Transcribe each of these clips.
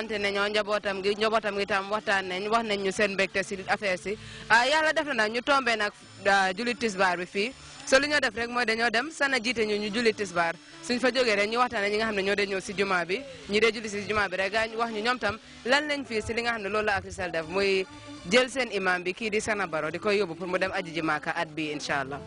continué ñoo njabootam gi njabootam gi tam waxtaan nañ wax nañ ñu seen mbégte si affaire si ah, yàlla def na nag ñu tombé nag ah, julli tisbaar bi fii so li ñoo def rek mooy dañoo dem sana jiite ñu ñu julli tisbaar suñ fa jógee rek ñu waxtaanee ñi nga xam ne ñoo dee ñëw si juma bi ñi dee julli si juma bi rek gaañ wax ñu ñoom tam lan lañ fii si li nga xam ne loolu la Africell def muy jël seen imam bi kii di Sana Baro di koy yóbbu pour mu dem aji ji Màkka at bi incha allah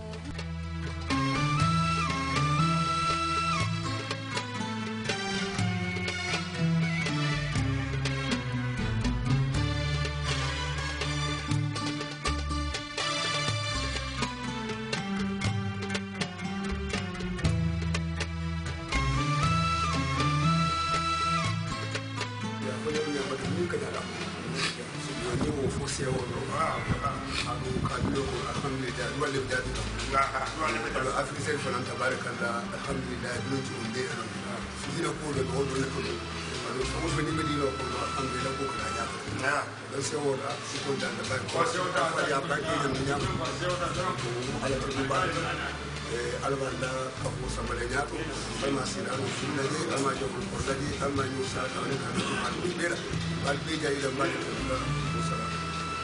golle jaaɗi ɗon to sen fanan tabarakallah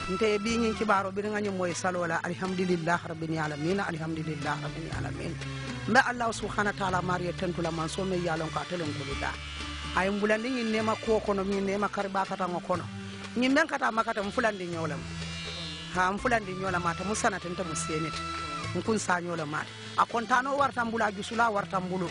nte biñin kibaro nga ñu moy salola alhamdulillah rabbil alamin alhamdulillah rabbil alamin mbe allah subhanahu wa ta'ala mariya la man so me yalon ka telen kuluda ay mbulandi ñi nema ko ko no ñi nema karba kata ngo ko no ñi men kata makata mu fulandi ñolam ha mu fulandi ñolam mata musanata nta mu kun sa ñolam mata a kontano warta mbula jusula warta mbulu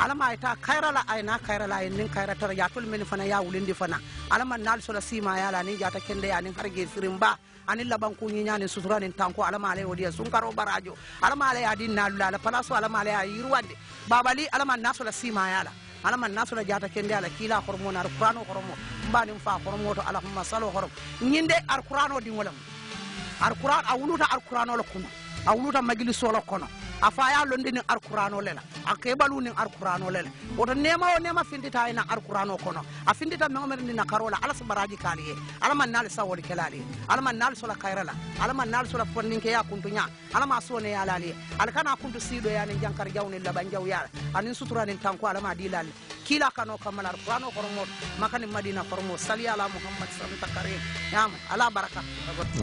alama ita kaira la aina kaira la nin kaira tara ya tul min fana ya wulindi fana alama nal sola sima ya la ni jata kende ya nin harge sirimba ani laban ku nyinya ni sutura ni tanko alama ale wodi sun karo barajo alama ale ya din nalu la palaso alama ale ya yirwande babali alama nasola sima ya la alama nasola jata kende ala kila hormo na alqur'ano hormo mbani mfa hormo to allahumma salo hormo nyinde alqur'ano dingolam alqur'an awuluta alqur'ano lakuno awuluta majliso lakono afa ya londi nin arkurano lela a keɓalu nin arkurano lela woto nema o nema findita ena arkurano kono a findita mego mere ndina ala so baraji kaali ye ala man naali sawol kelali ala man naali sola kayrala ala man naali sola fonninkeya kuntuña ala ma sone yalali ye ala kana kuntu siiɗo yani jankar jawnin laɓan jaw yala anin sutura nin tanko ala ma dilali kila kano kamal arkurano kormo makani madina kormo sali ala muhammad samta karim yama ala baraka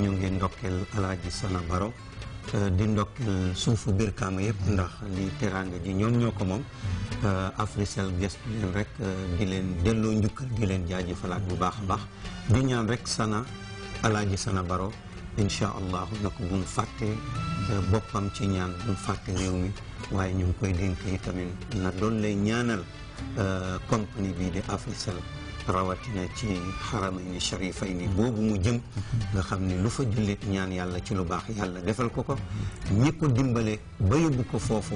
ñu ngi ndokkel alaaji sana baro Euh, di ndokkeel euh, suufu biir kaama yëpp ndax li teraanga ji ñoom ñoo ko moom euh, Africell gestu leen rek di leen delloo njukkal di leen jaajëfalaat bu baax baax di ñaan rek sana alaaji sana baro incha allahu na ko bu mu fàtte boppam ci ñaan bu mu fàtte réew mi waaye ñu ngi koy dénk yi tamit na doon lay ñaanal compagnie bii di Africell rawatina ci xaramayni sharifayni boobu mu jëm nga xam ne lu fa jullit ñaan yàlla ci lu baax yàlla defal ko ko ñi ko dimbale ba yóbbu ko foofu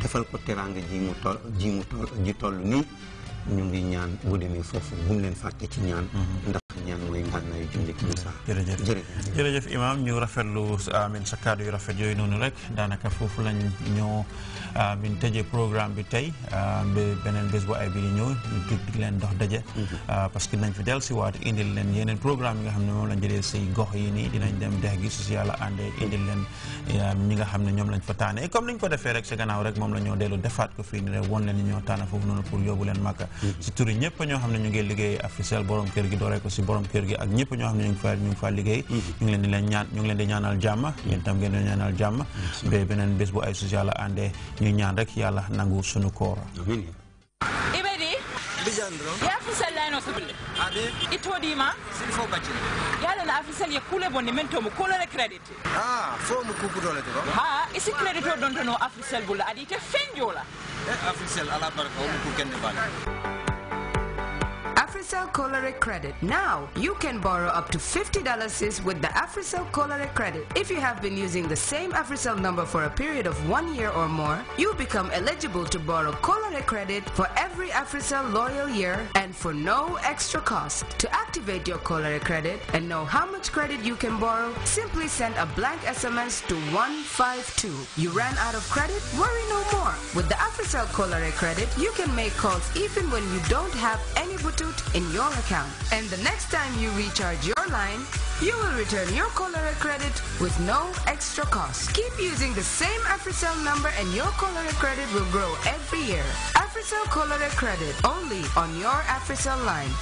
defal ko teraanga ji mu toll toll ji nii ñu ngi ñaan bu demee foofu bu mu leen fàtte ci ñaan mm-hmm. ndax ñaan mooy ngànnaay jërëjëf jërëjëf imam ñu rafetlu amin ah, sa kàddu yu rafet yooyu noonu rek daanaka foofu lañ ñoo amin ah, tëjee programme bi tey ah, ba beneen bés bu ay bi ñëw ñu tudd leen dox daje mhm. parce que nañ fi del si waat indil leen yeneen programme yi nga xam ne moom lañ jëlee gox yi nii dinañ dem dex gi su yàlla àndee indil leen ñi ya, nga xam ne ñoom lañ fa taane comme eh, niñ ko defee rek sa gannaaw rek moom la ñoo dellu defaat ko fii ni rek leen ñoo foofu noonu pour yóbbu leen màkka mhm. si turi ñëpp ñoo xam ne ñu ngi liggéey officiel borom kër gi dooree ko si borom kër gi ak ñëpp ñoo xam ne ñu fa liggéey mhm. ñu leen di leen ñaan ñu leen di ñaanal jàmm mhm. yéen tam ngeen di ñaanal jàmm ba beneen bés bu ay sus yàlla àndee ñuy ñaan rek yàlla nangu suñu koor bijandro yaafisal layno sobilde aɓe ittoɗima sili fof baccine yaalen afisal ye kuule bonde min tomo kolore crédit a ah, fo mo kukudole to ha isi crédit o ɗon tono afrisel bulla aɗa yite feñjola e AfriCell Cholera Credit. Now, you can borrow up to $50 with the AfriCell Cholera Credit. If you have been using the same AfriCell number for a period of one year or more, you become eligible to borrow Cholera Credit for every AfriCell loyal year and for no extra cost. To activate your Cholera Credit and know how much credit you can borrow, simply send a blank SMS to 152. You ran out of credit? Worry no more. With the AfriCell Cholera Credit, you can make calls even when you don't have any butut. in in your account. And the next time you recharge your line, you will return your cholera credit with no extra cost. Keep using the same AfriCell number and your cholera credit will grow every year. AfriCell Cholera Credit only on your AfriCell line.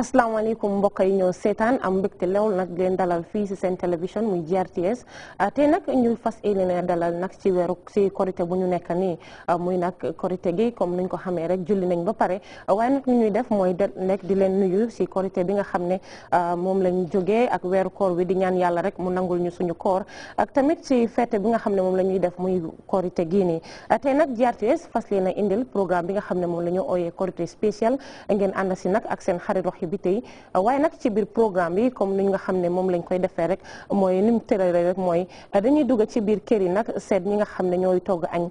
asalaamaaleykum mbokk yi ñoo seetaan am bëkté lew nak di leen dalal fi ci sen télévision muy GRTS ah, té nak ñu fas yéene dalal nak ci wéru si korité bu ñu nekk ni ah, muy nak korité gi comme nuñ ko xamé rek julli nañ ba pare way nak ñuy def moy nek di leen nuyu si korité bi nga xamné ah, mom lañ ak wéru koor wi di ñaan yalla rek mu nangul ñu suñu koor ak tamit ci fété bi nga xamné mom lañuy def muy korité gi ni té nak GRTS fas yéene indil programme bi nga xamné mom lañu oyé korité spécial ngeen ak sen xarit activité yi waaye nag ci biir programme yi comme yi nag xam ne ñooy togg añ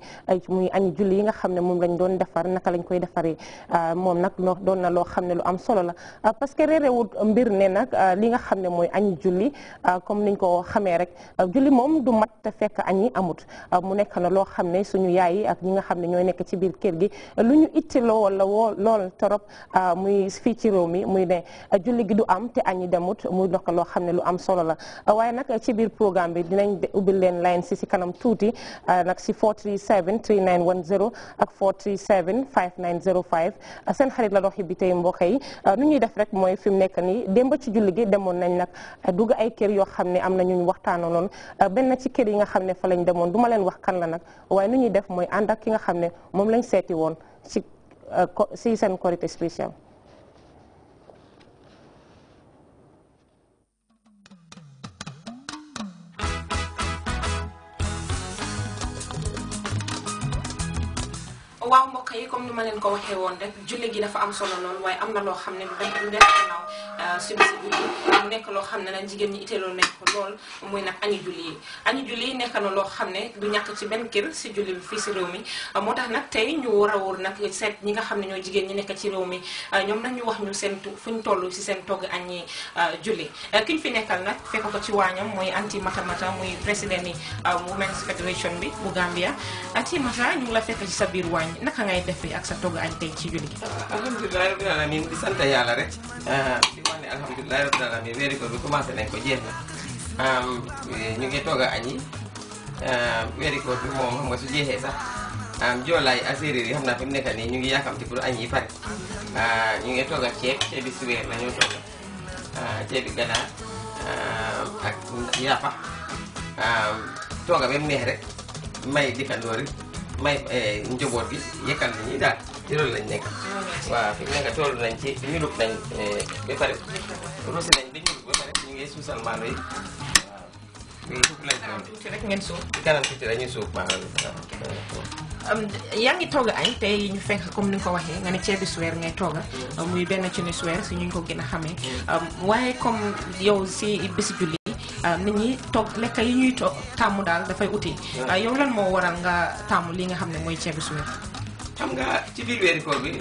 yi nga xam ne moom lañ doon defar naka lañ koy defaree ah, moom nag doon na loo xam ne lu am solo la ah, parce que réerewut mbir ne nag ah, li nga xam ne mooy añ julli niñ ko xamee rek julli moom du mat te fekk añ yi amut mu nekk na loo xam ne suñu yaay yi ak ñi nga xam ne ñooy nekk ci biir kër gi lu ñu ittiloo wala lool torop muy fii ci réew mi muy yi ne julli gi du am te añi demut muy lokk loo xam ne lu am solo la waaye nag ci biir programme bi dinañ ubbi leen line si si kanam tuuti ah, nag si 437 3910 ak 437 5905 ah, seen xarit la i bi tey mbokk yi ah, nu ñuy def rek mooy fi mu nekk nii démb ci julli gi demoon nañ nag dugg ay kër yoo xam ne am na ñu waxtaanoon benn ci kër yi nga xam ne fa lañ demoon duma leen wax kan la nag waaye nu def mooy ànd ak ki nga xam ne moom lañ seeti woon ci si seen korité spécial waaw mbokk yi comme ni ma leen ko waxee woon rek julli gi dafa am solo lool waaye am na loo xam ne lu def lu def gannaaw Euh, suicide mu nekk loo xam ne nag jigéen ñi itteeloo nañ ko lool muy nag añu julli yi añu julli yi nekk na loo xam ne du ñàkk ci benn kër si julli bi fii si réew mi euh, moo tax nag tey ñu war a wóor nag seet ñi nga xam ne ñoo jigéen ñi nekk ci réew mi euh, ñoom nag wax ñu seen fu ñu toll si seen togg añi julli ki fi nekkal nag fekk ko ci waañam mooy anti matamata muy président yi women's federation bi bu Gambia anti mata ñu ngi la fekk ci sa biir waañ naka ngay def ak sa togg añ tey ci julli alhamdulilah rabbil alamin di sant yàlla rek wax ne alhamdulilah rabbil alamin weeri bi commencé nañ ko jeex ñu ngi toog a añ yi weeri um, koor bi moom xam nga su jeexee sax um, joolaay ak séeréer yi xam naa fi mu nii ñu ngi yaakamti pour añ yi pare uh, ñu ngi toog a ceeb ceebi suweer la ñu toog uh, ceebi ganaar uh, ak yàppa um, tooga ba rek may dikkandoor may eh, njaboot gi yëkkal nañuy daal ci loolu lañ nekk. waaw fi mu nekk toll nañ ci bi eh, ñu ngi suusal maalo yi. ngeen suuf. ci kanam tuuti rek ñu suuf maalo yi yaa tey ñu fekk comme ni nga ko waxee nga ne ceebi suweer ngay togga muy benn ci ni suweer si ñu ko gën a xamee waaye comme yow si bisi julli nit ñi togg lekk yi ñuy togg tàmm daal dafay uti ah, yow lan moo waral nga tàmm li nga xam ne mooy ceebi suweer xam nga ci biir weeri koor bi